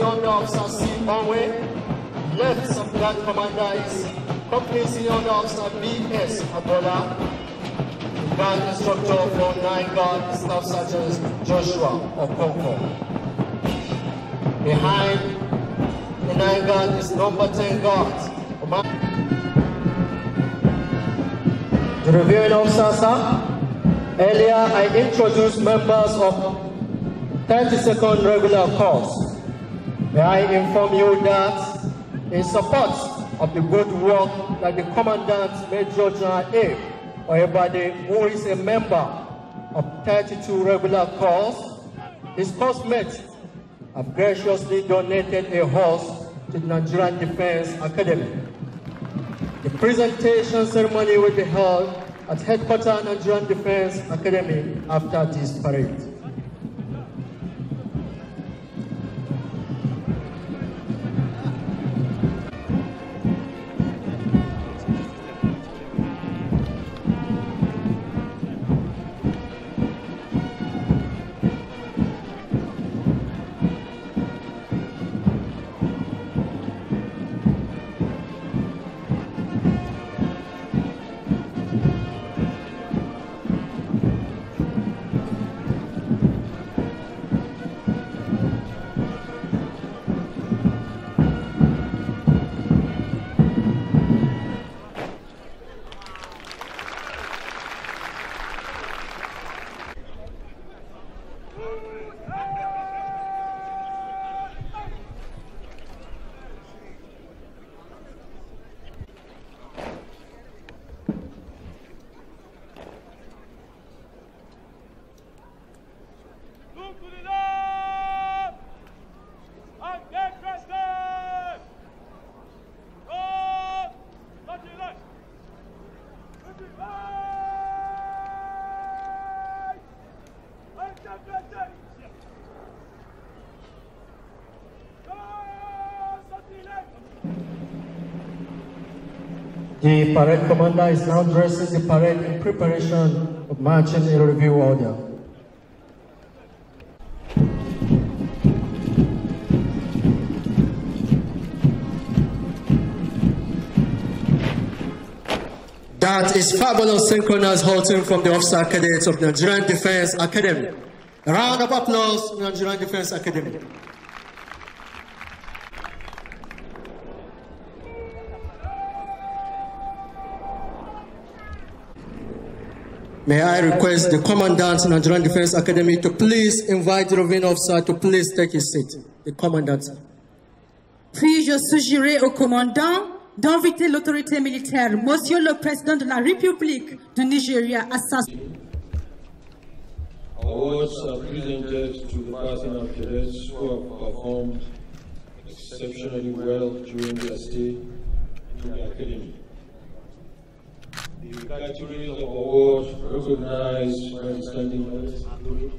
the under officer C. Onway. Left supplant commander is Company Senior Under Officer B.S. Abola. Band instructor for 9 Guard Staff sergeants Joshua Okonkwo. Behind the 9 Guard is number 10 Guard. The reviewing officer, sir, earlier I introduced members of 32nd regular course. May I inform you that in support of the good work that the Commandant Major General A. or Oyebade, who is a member of 32 regular corps, his mate have graciously donated a horse to the Nigerian Defense Academy. The presentation ceremony will be held at Headquarters Nigerian Defense Academy after this parade. The parade commander is now dressing the parade in preparation of marching in review order. That is fabulous synchronous halting from the officer cadets of Nigerian Defense Academy. A round of applause, Nigerian Defense Academy. May I request the Commandant of Nigerian Defense Academy to please invite the Rovin officer to please take his seat. The Commandant. Puis-je suggérer au commandant d'inviter l'autorité militaire, Monsieur le Président de la République du Nigeria, à Our Awards are presented to the passing of the cadets who have performed exceptionally well during their stay in the academy. the categories of awards recognized by the standing medals include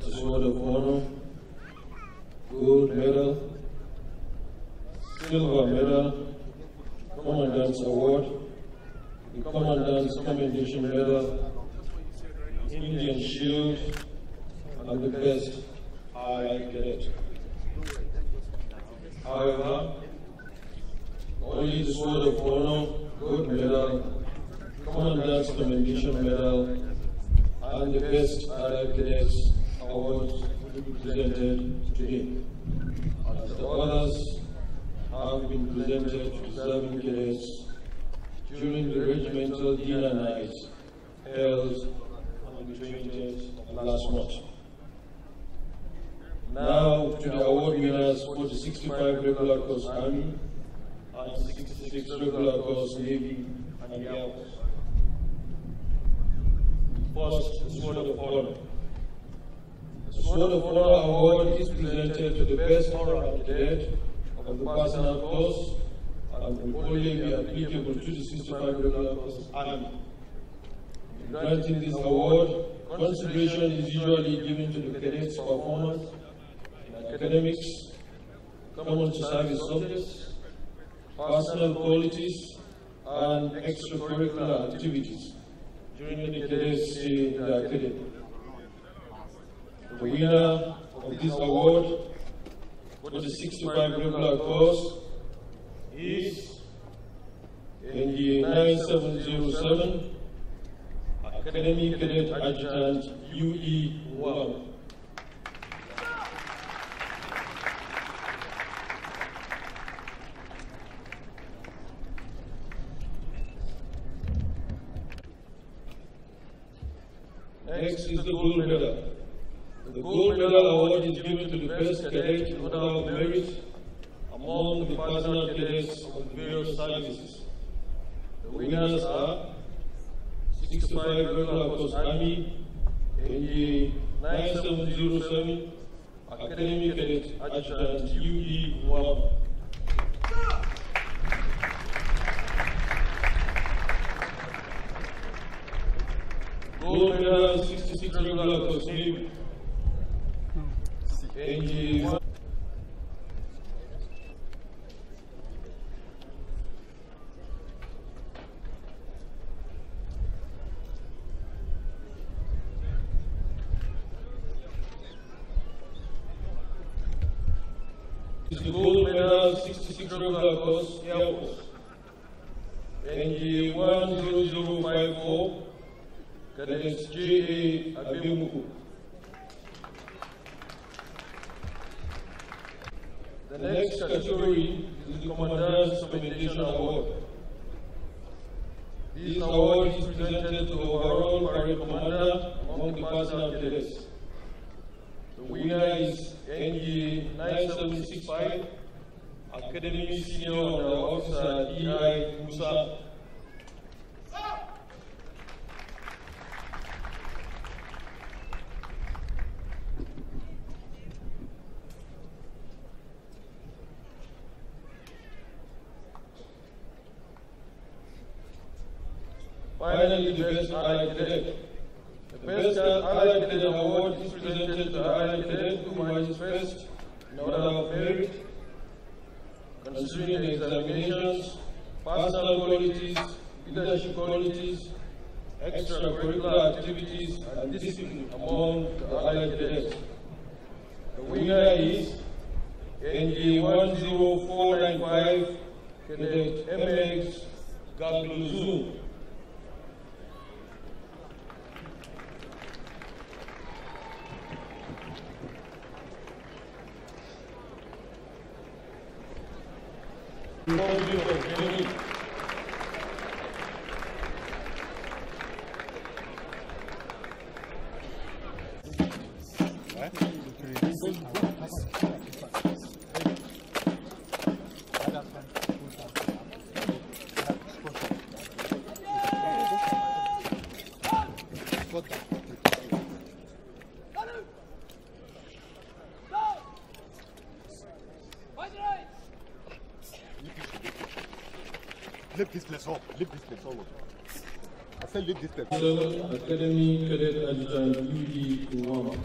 the Sword of Honor, Gold Medal, Silver Medal, Commandant's Award, the Commandant's Commendation Medal, Indian Shield, and the Best High Cadet. However, only the Sword of Honor, Gold Medal, Commander's Commendation Medal and the Best Arab Cadets Award presented today. As the others have been presented to serving cadets during the regimental dinner night held on the 20th last month. Now to the award winners for the 65 regular course Army and 66 regular course Navy and the Air Force. First, the Sword of Honor. The Sword of Honor Award is presented to the best honor candidate of the personal cause and will only be applicable to the 65 dollar cause army. In granting this award, consideration is usually given to the cadet's performance in academics, common to service subjects, personal qualities, and extracurricular activities agreement it is the academy. The winner of this award for the 65 regular course is in the 9707 Academy Cadet Adjutant UE 1. Next is the gold medal. The gold medal award is given to the best cadet in of merit among the personal cadets of various services. The winners are 65 Regular of Army, NG 9707, Academy Cadet Adjutant UE One. Colombia sí. Finally, the best allied cadet. The best allied cadet award is presented to the allied cadet who who is first in order of merit, considering the examinations, personal qualities, leadership qualities, extracurricular activities, and discipline among the allied cadets. The winner is NG 10495 Cadet MX Gabluzu. Foda. Lift this place up. Lift this place up. I said lift this place. Academy Cadet Adjutant Yudi Uwama.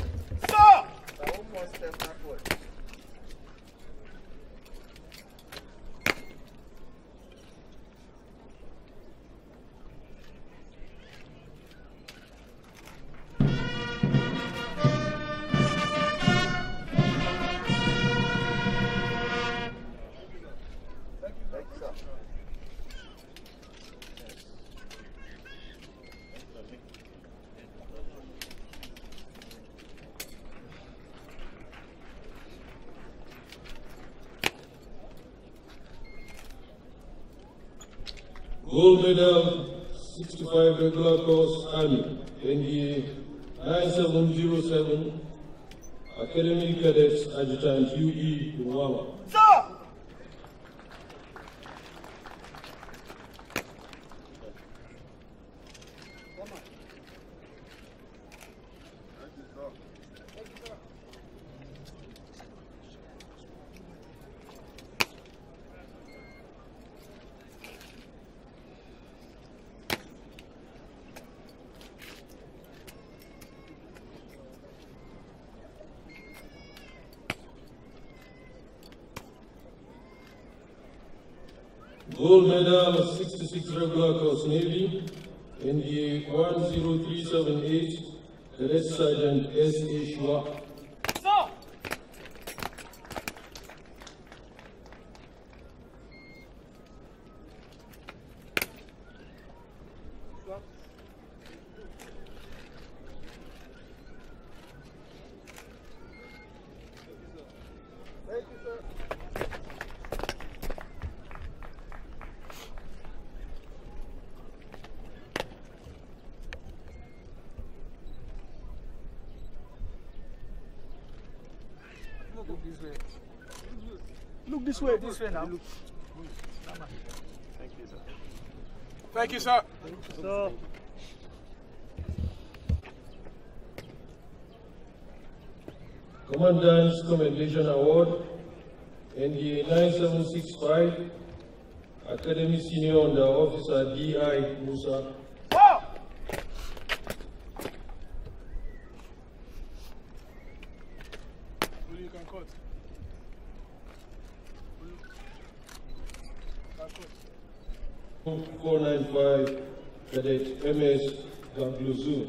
Gold medal, 66 regular cross Navy, in the 10378, the Red Sergeant S.A. Schwab. Look this way. Look this way. Look this way now. Look. Thank you, sir. Thank you, sir. Thank you, sir. Commandant's Commendation Award, NDA 9765, Academy Senior Under Officer D.I. Musa. Mehmet Gangluzu.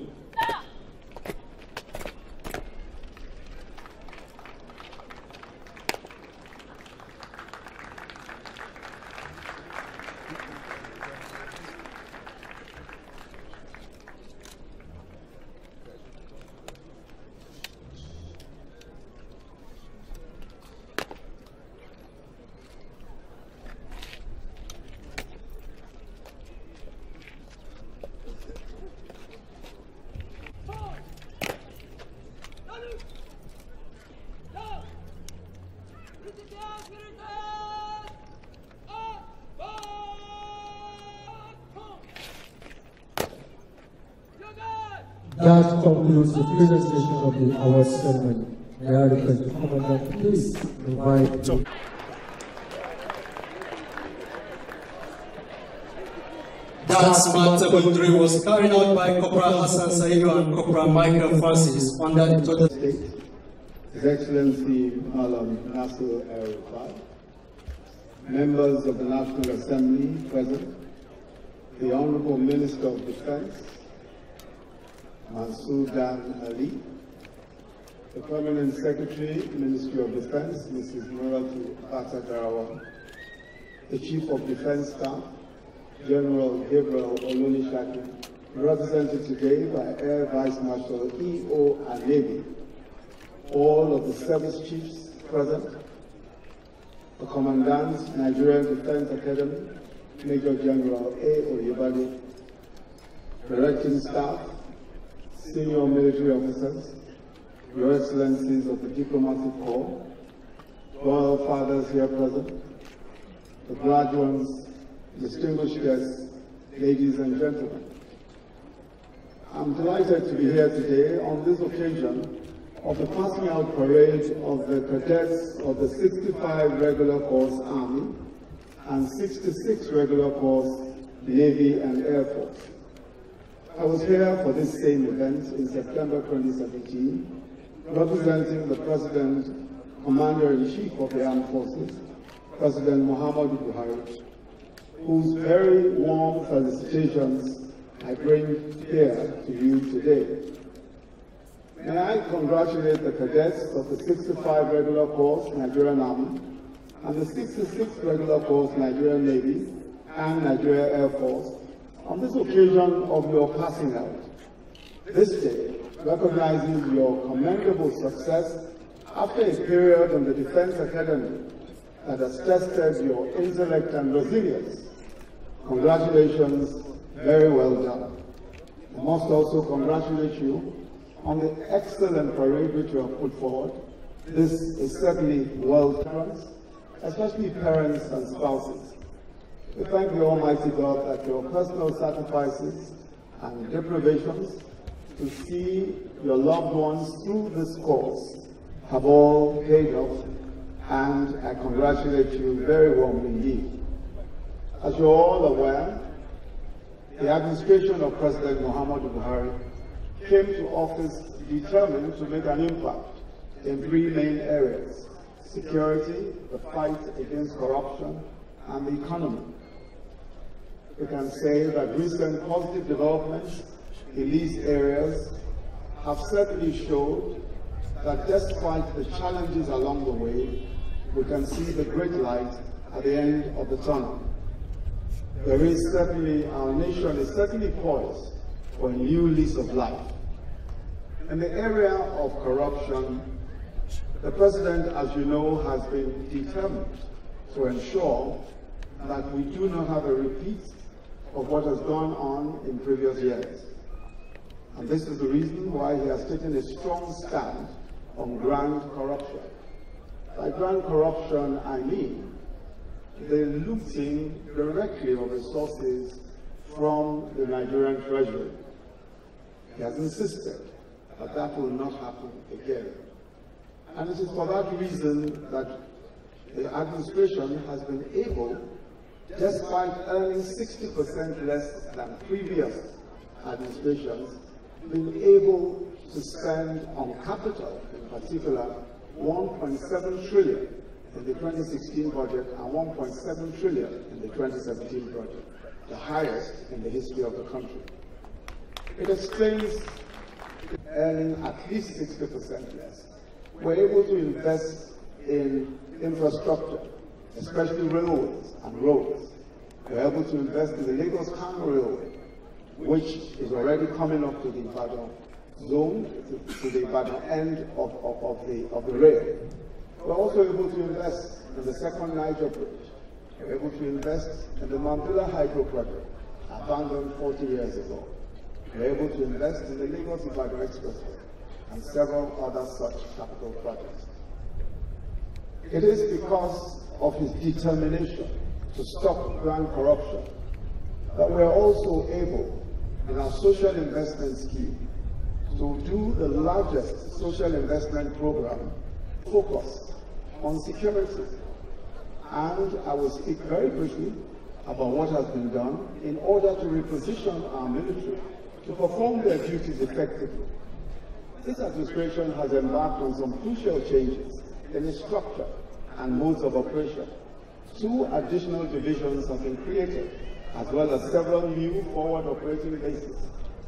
That concludes the presentation of the our ceremony. May I request the Commandant to please invite so That smart Three was carried out by Corporal Hassan Saidu and Corporal Michael Francis on that total state. His Excellency Malam Nasser El members of the National Assembly present, the Honorable Minister of Defense, Masood Ali, the Permanent Secretary, Ministry of Defense, Mrs. Muratu Batagarawa, the Chief of Defense Staff, General Gabriel Olunishaki, represented today by Air Vice Marshal E.O. Anebi, all of the service chiefs present, the Commandant, Nigerian Defense Academy, Major General A. Oyebade, directing staff, senior military officers, Your Excellencies of the Diplomatic Corps, Royal Fathers here present, the graduates, distinguished guests, ladies and gentlemen. I'm delighted to be here today on this occasion of the passing out parade of the cadets of the 65 Regular Force Army and 66 Regular Force Navy and Air Force. I was here for this same event in September 2017, representing the President, Commander-in-Chief of the Armed Forces, President Muhammadu Buhari, whose very warm felicitations I bring here to you today. May I congratulate the cadets of the 65 Regular Corps Nigerian Army and the 66 Regular Corps Nigerian Navy and Nigeria Air Force on this occasion of your passing out, this day recognizes your commendable success after a period in the Defense Academy that has tested your intellect and resilience. Congratulations, very well done. I must also congratulate you on the excellent parade which you have put forward. This is certainly well done, especially parents and spouses. We thank you, Almighty God, that your personal sacrifices and deprivations to see your loved ones through this course have all paid off, and I congratulate you very warmly indeed. As you're all aware, the administration of President Muhammad Buhari came to office determined to make an impact in three main areas, security, the fight against corruption, and the economy we can say that recent positive developments in these areas have certainly showed that despite the challenges along the way, we can see the great light at the end of the tunnel. There is certainly, our nation is certainly poised for a new lease of life. In the area of corruption, the President, as you know, has been determined to ensure that we do not have a repeat of what has gone on in previous years. And this is the reason why he has taken a strong stand on grand corruption. By grand corruption, I mean the looting directly of resources from the Nigerian treasury. He has insisted that that will not happen again. And it is for that reason that the administration has been able despite earning 60% less than previous administrations, been able to spend on capital, in particular, 1.7 trillion in the 2016 budget and 1.7 trillion in the 2017 budget, the highest in the history of the country. It explains earning at least 60% less. We're able to invest in infrastructure, especially railways and roads. We're able to invest in the Lagos Kano Railway, which is already coming up to the Ibadan zone, to, to the Ibadan end of, of, of, the, of the rail. We're also able to invest in the second Niger Bridge. We're able to invest in the Mambila Hydro Project, abandoned 40 years ago. We're able to invest in the Lagos Ibadan Expressway and several other such capital projects. It is because of his determination to stop grand corruption that we're also able, in our social investment scheme, to do the largest social investment program focused on security. And I will speak very briefly about what has been done in order to reposition our military to perform their duties effectively. This administration has embarked on some crucial changes in its structure and modes of operation. Two additional divisions have been created, as well as several new forward operating bases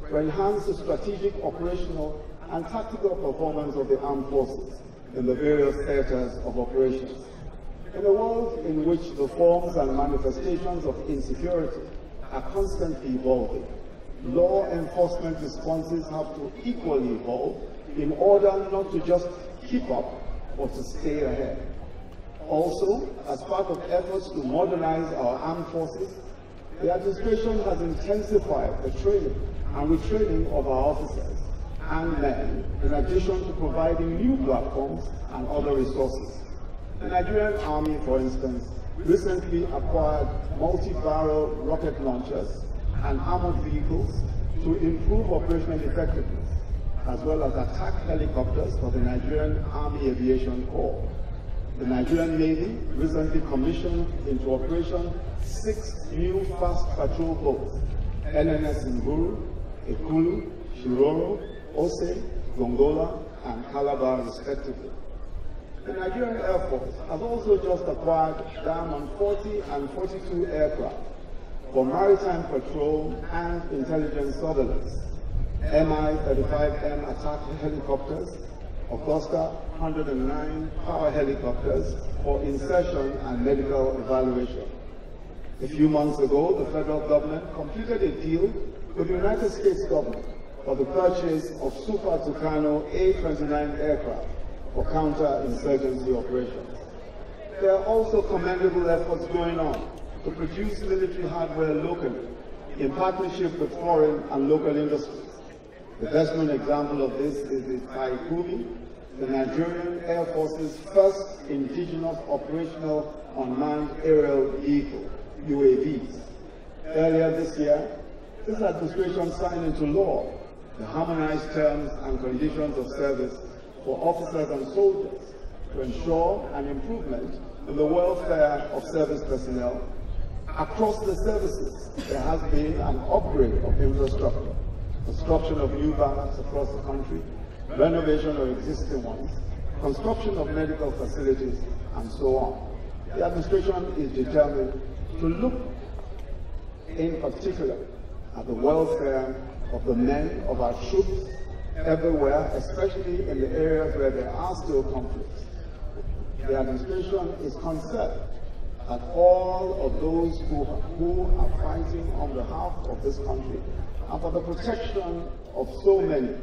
to enhance the strategic, operational, and tactical performance of the armed forces in the various theaters of operations. In a world in which the forms and manifestations of insecurity are constantly evolving, law enforcement responses have to equally evolve in order not to just keep up or to stay ahead. Also, as part of efforts to modernize our armed forces, the administration has intensified the training and retraining of our officers and men, in addition to providing new platforms and other resources. The Nigerian Army, for instance, recently acquired multi-barrel rocket launchers and armored vehicles to improve operational effectiveness, as well as attack helicopters for the Nigerian Army Aviation Corps the Nigerian Navy recently commissioned into operation six new fast patrol boats, NNS Nguru, Ekulu, Shiroro, Ose, Gongola, and Calabar respectively. The Nigerian Air Force has also just acquired Diamond 40 and 42 aircraft for maritime patrol and intelligence surveillance, MI-35M attack helicopters, Augusta 109 power helicopters for insertion and medical evaluation. A few months ago, the federal government completed a deal with the United States government for the purchase of Super Tucano A-29 aircraft for counter-insurgency operations. There are also commendable efforts going on to produce military hardware locally in partnership with foreign and local industry. The best known example of this is the Taikuri, the Nigerian Air Force's first indigenous operational unmanned aerial vehicle, UAVs. Earlier this year, this administration signed into law the harmonized terms and conditions of service for officers and soldiers to ensure an improvement in the welfare of service personnel. Across the services, there has been an upgrade of infrastructure construction of new barracks across the country, renovation of existing ones, construction of medical facilities, and so on. The administration is determined to look in particular at the welfare of the men of our troops everywhere, especially in the areas where there are still conflicts. The administration is concerned at all of those who, who are fighting on behalf of this country and for the protection of so many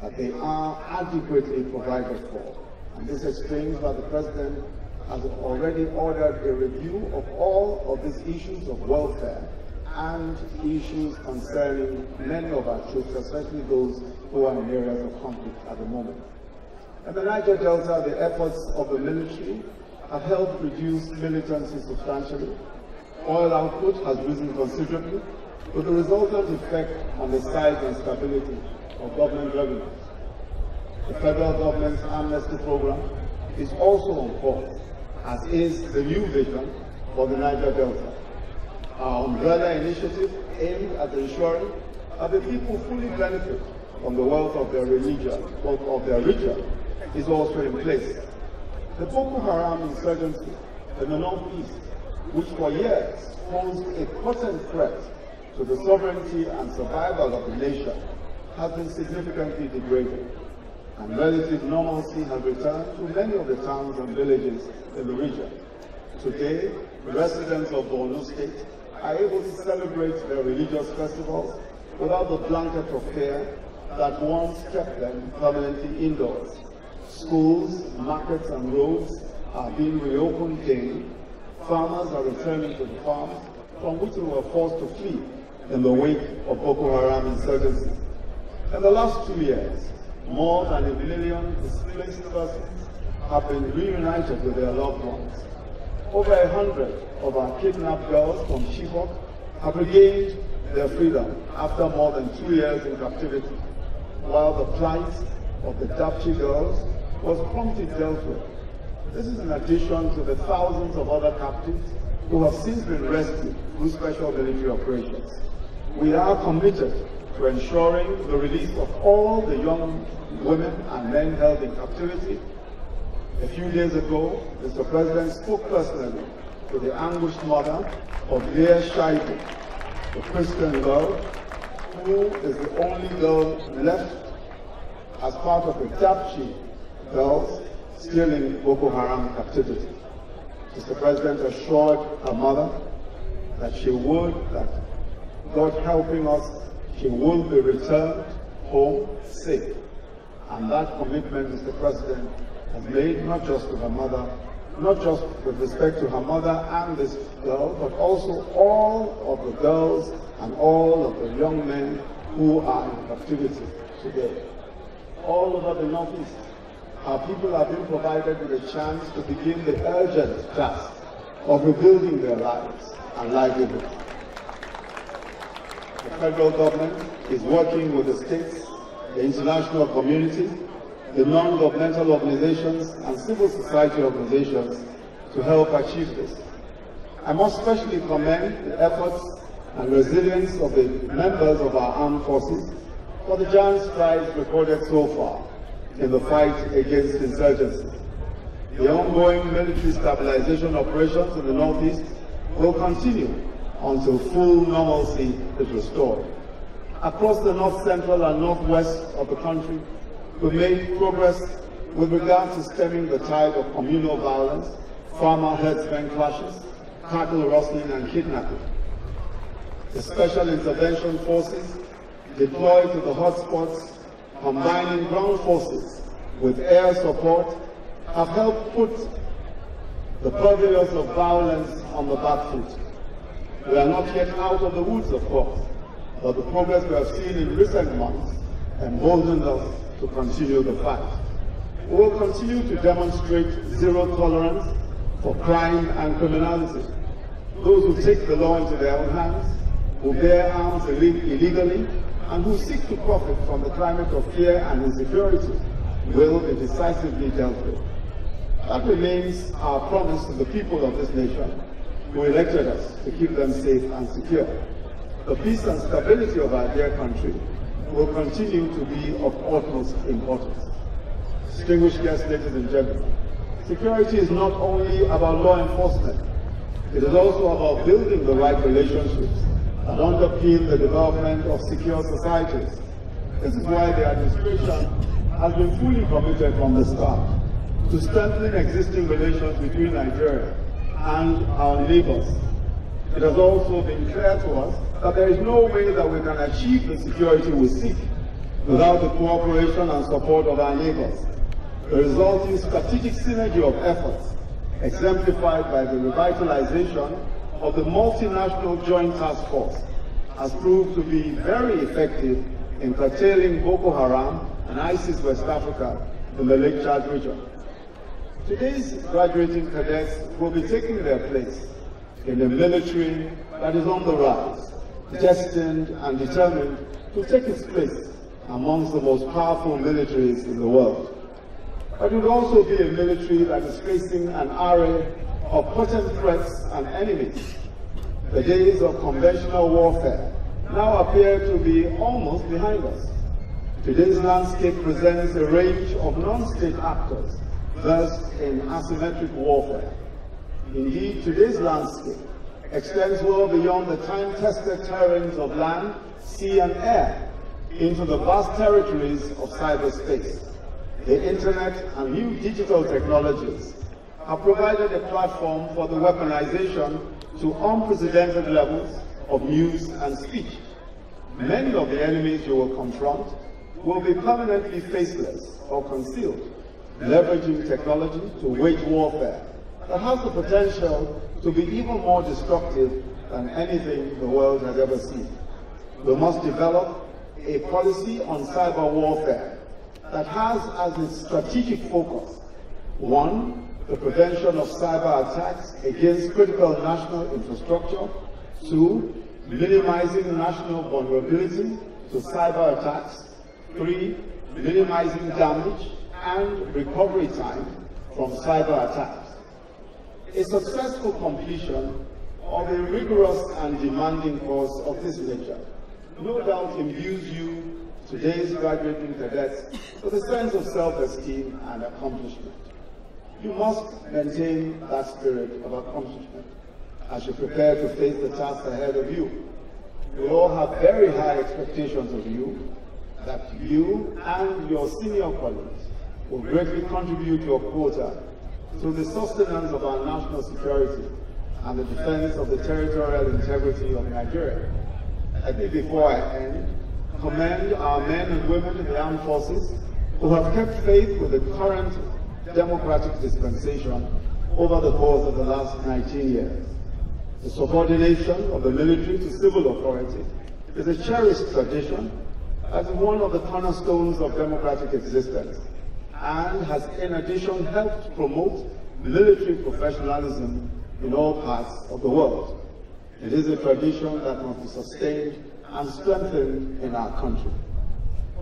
that they are adequately provided for. And this explains why the President has already ordered a review of all of these issues of welfare and issues concerning many of our troops, especially those who are in areas of conflict at the moment. In the Niger Delta, the efforts of the military have helped reduce militancy substantially. Oil output has risen considerably, with the resultant effect on the size and stability of government revenue. The federal government's amnesty program is also on pause, as is the new vision for the Niger Delta. Our umbrella initiative aimed at ensuring that the people fully benefit from the wealth of their religion, of their region, is also in place. The Boko Haram insurgency in the northeast, which for years posed a potent threat to the sovereignty and survival of the nation has been significantly degraded, and relative normalcy has returned to many of the towns and villages in the region. Today, residents of Borno State are able to celebrate their religious festivals without the blanket of fear that once kept them permanently indoors. Schools, markets and roads are being reopened again. Farmers are returning to the farms from which they were forced to flee in the wake of Boko Haram insurgency. In the last two years, more than a million displaced persons have been reunited with their loved ones. Over a hundred of our kidnapped girls from Chibok have regained their freedom after more than two years in captivity, while the plight of the Dapchi girls was promptly dealt with. This is in addition to the thousands of other captives who have since been rescued through special military operations we are committed to ensuring the release of all the young women and men held in captivity. A few days ago, Mr. President spoke personally to the anguished mother of Leah Shaibu, the Christian girl, who is the only girl left as part of the Dapchi girls still in Boko Haram captivity. Mr. President assured her mother that she would, that God helping us, he will be returned home safe. And that commitment, Mr. President, has made not just to her mother, not just with respect to her mother and this girl, but also all of the girls and all of the young men who are in captivity today. All over the Northeast, our people have been provided with a chance to begin the urgent task of rebuilding their lives and livelihoods federal government is working with the states, the international community, the non-governmental organizations and civil society organizations to help achieve this. I must especially commend the efforts and resilience of the members of our armed forces for the giant strides recorded so far in the fight against insurgency. The ongoing military stabilization operations in the Northeast will continue until full normalcy is restored. Across the north central and northwest of the country, we made progress with regard to stemming the tide of communal violence, farmer herdsmen clashes, cattle rustling and kidnapping. The special intervention forces deployed to the hotspots, combining ground forces with air support, have helped put the purveyors of violence on the back foot. We are not yet out of the woods, of course, but the progress we have seen in recent months emboldens us to continue the fight. We will continue to demonstrate zero tolerance for crime and criminality. Those who take the law into their own hands, who bear arms illegally, and who seek to profit from the climate of fear and insecurity will be decisively dealt with. That remains our promise to the people of this nation who elected us to keep them safe and secure. The peace and stability of our dear country will continue to be of utmost importance. Distinguished guests, ladies and gentlemen, security is not only about law enforcement, it is also about building the right relationships and underpin the development of secure societies. This is why the administration has been fully committed from the start to strengthening existing relations between Nigeria and our neighbors. It has also been clear to us that there is no way that we can achieve the security we seek without the cooperation and support of our neighbors. The resulting strategic synergy of efforts, exemplified by the revitalization of the multinational joint task force, has proved to be very effective in curtailing Boko Haram and ISIS West Africa in the Lake Chad region. Today's graduating cadets will be taking their place in a military that is on the rise, destined and determined to take its place amongst the most powerful militaries in the world. But it will also be a military that is facing an array of potent threats and enemies. The days of conventional warfare now appear to be almost behind us. Today's landscape presents a range of non-state actors Thus, in asymmetric warfare. Indeed, today's landscape extends well beyond the time-tested terrains of land, sea, and air into the vast territories of cyberspace. The internet and new digital technologies have provided a platform for the weaponization to unprecedented levels of news and speech. Many of the enemies you will confront will be permanently faceless or concealed leveraging technology to wage warfare that has the potential to be even more destructive than anything the world has ever seen. We must develop a policy on cyber warfare that has as its strategic focus, one, the prevention of cyber attacks against critical national infrastructure, two, minimizing national vulnerability to cyber attacks, three, minimizing damage and recovery time from cyber attacks. A successful completion of a rigorous and demanding course of this nature no doubt imbues you, today's graduating cadets, with a sense of self-esteem and accomplishment. You must maintain that spirit of accomplishment as you prepare to face the task ahead of you. We all have very high expectations of you, that you and your senior colleagues will greatly contribute your quota to the sustenance of our national security and the defense of the territorial integrity of Nigeria. Let me, before I end, commend our men and women in the armed forces who have kept faith with the current democratic dispensation over the course of the last 19 years. The subordination of the military to civil authority is a cherished tradition as one of the cornerstones of democratic existence and has in addition helped promote military professionalism in all parts of the world. It is a tradition that must be sustained and strengthened in our country.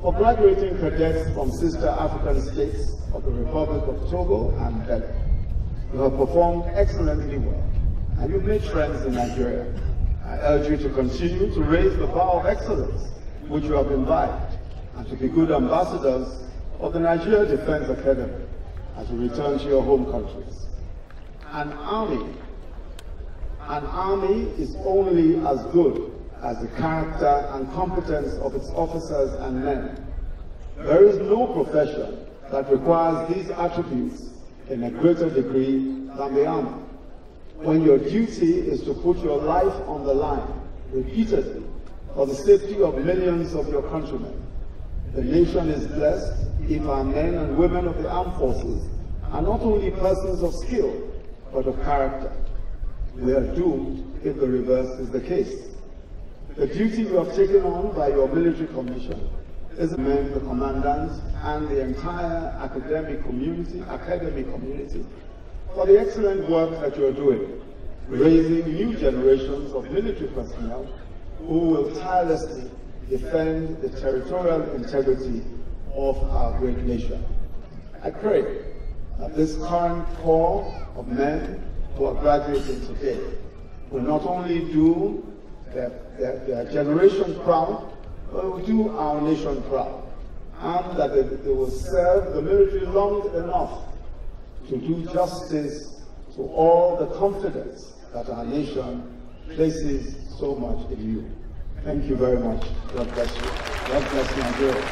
For graduating cadets from sister African states of the Republic of Togo and Benin, you have performed excellently well, and you've made friends in Nigeria. I urge you to continue to raise the bar of excellence which you have imbibed, and to be good ambassadors of the Nigeria Defense Academy as you return to your home countries. An army, an army is only as good as the character and competence of its officers and men. There is no profession that requires these attributes in a greater degree than the army. When your duty is to put your life on the line repeatedly for the safety of millions of your countrymen, the nation is blessed if our men and women of the armed forces are not only persons of skill, but of character. We are doomed if the reverse is the case. The duty you have taken on by your military commission is to men, the commandants, and the entire academic community, academic community, for the excellent work that you are doing, raising new generations of military personnel who will tirelessly defend the territorial integrity of our great nation. I pray that this current call of men who are graduating today will not only do their, their, their generation proud, but will do our nation proud, and that they, they will serve the military long enough to do justice to all the confidence that our nation places so much in you. Thank you very much. God bless you. God bless Nigeria.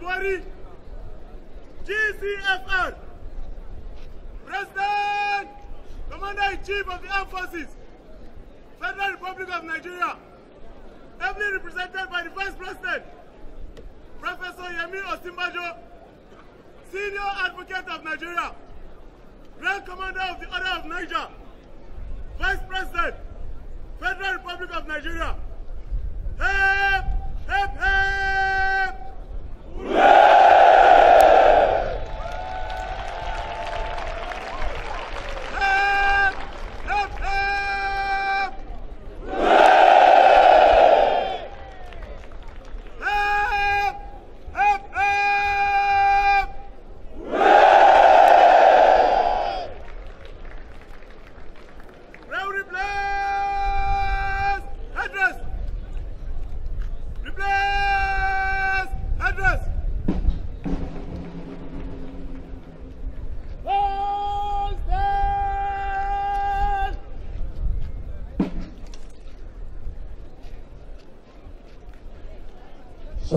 Buhari, GCFR, President, Commander-in-Chief of the Armed Forces, Federal Republic of Nigeria, ably represented by the Vice President, Professor Yemi Osinbajo, Senior Advocate of Nigeria, Grand Commander of the Order of Niger, Vice President, Federal Republic of Nigeria. Help! Help! Help! Hooray!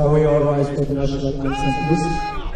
So I hope you all guys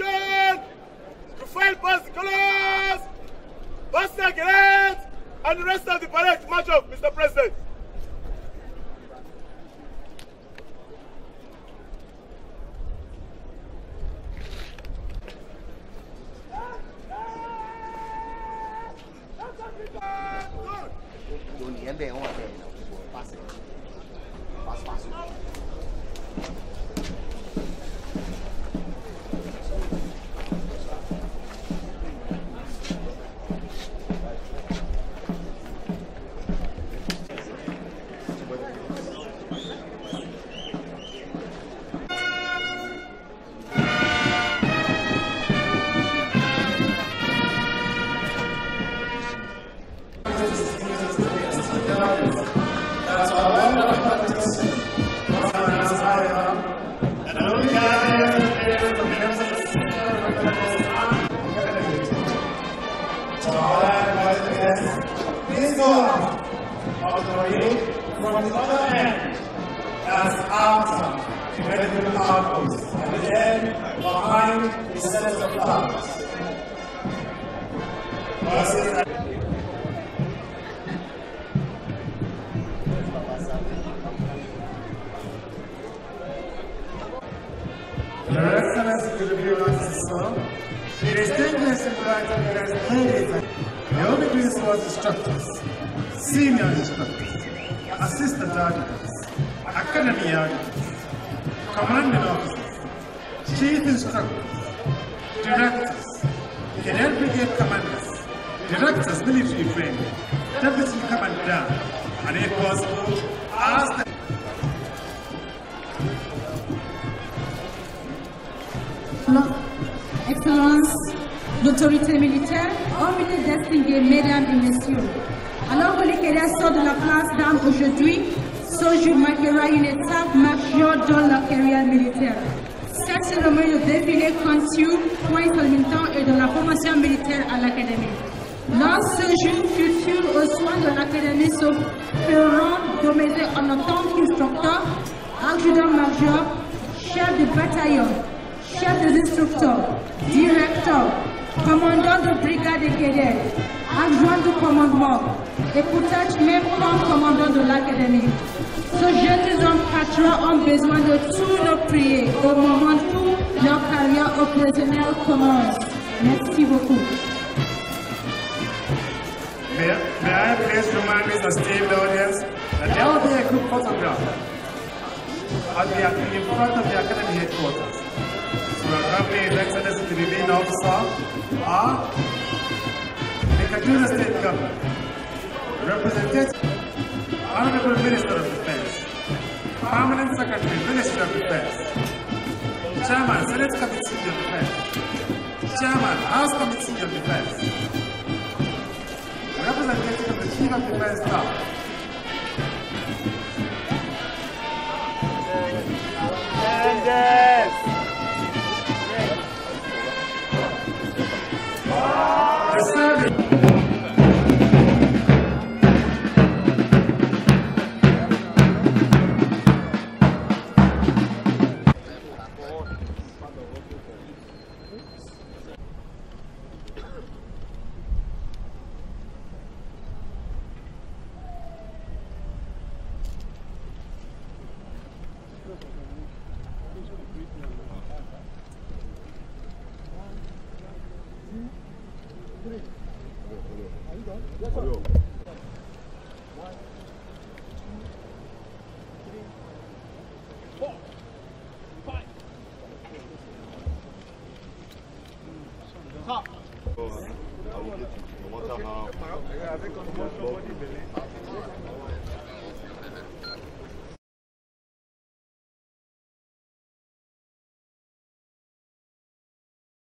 Revolution! from the other end as AMSA, Medical Outpost, and again behind the set of flowers. Versus Your Excellency, to the viewers as strong. It is dangerous in Brighton, it is ladies. The only business was instructors senior instructors, assistant adjutants, academy adjutants, commanding officers, chief instructors, directors, head brigade commanders, directors military training, deputy commander, and if possible, ask the Excellence, l'autorité militaire, ont été distinguées, mesdames et messieurs. Alors que les Kenyans sortent de la place d'armes aujourd'hui, ce jour marquera une étape majeure dans la carrière militaire. Cette moment de défilé conçue point de militants et de la formation militaire à l'Académie. Lorsque ce jour, futur au soins de l'Académie se feront dominer en tant qu'instructeur, adjudant-major, chef de bataillon, chef des instructeurs, directeur, commandant de brigade et cadets, adjoint du commandement, et pour être même comme commandant de l'académie. Ce jeune homme patron a besoin de tous nos prières au moment où leur carrière opérationnelle commence. Merci beaucoup. May, may I please remind this esteemed audience that there will be a group photograph at the, in front of the academy headquarters. So accompany uh, His Excellency the Revenue Officer can uh, do the State Government. Representative, Honorable Minister of Defense, Permanent Secretary, Minister of Defense, Chairman, Senate Committee of Defense, Chairman, House Committee of Defense, Representative of the Chief of Defense Staff,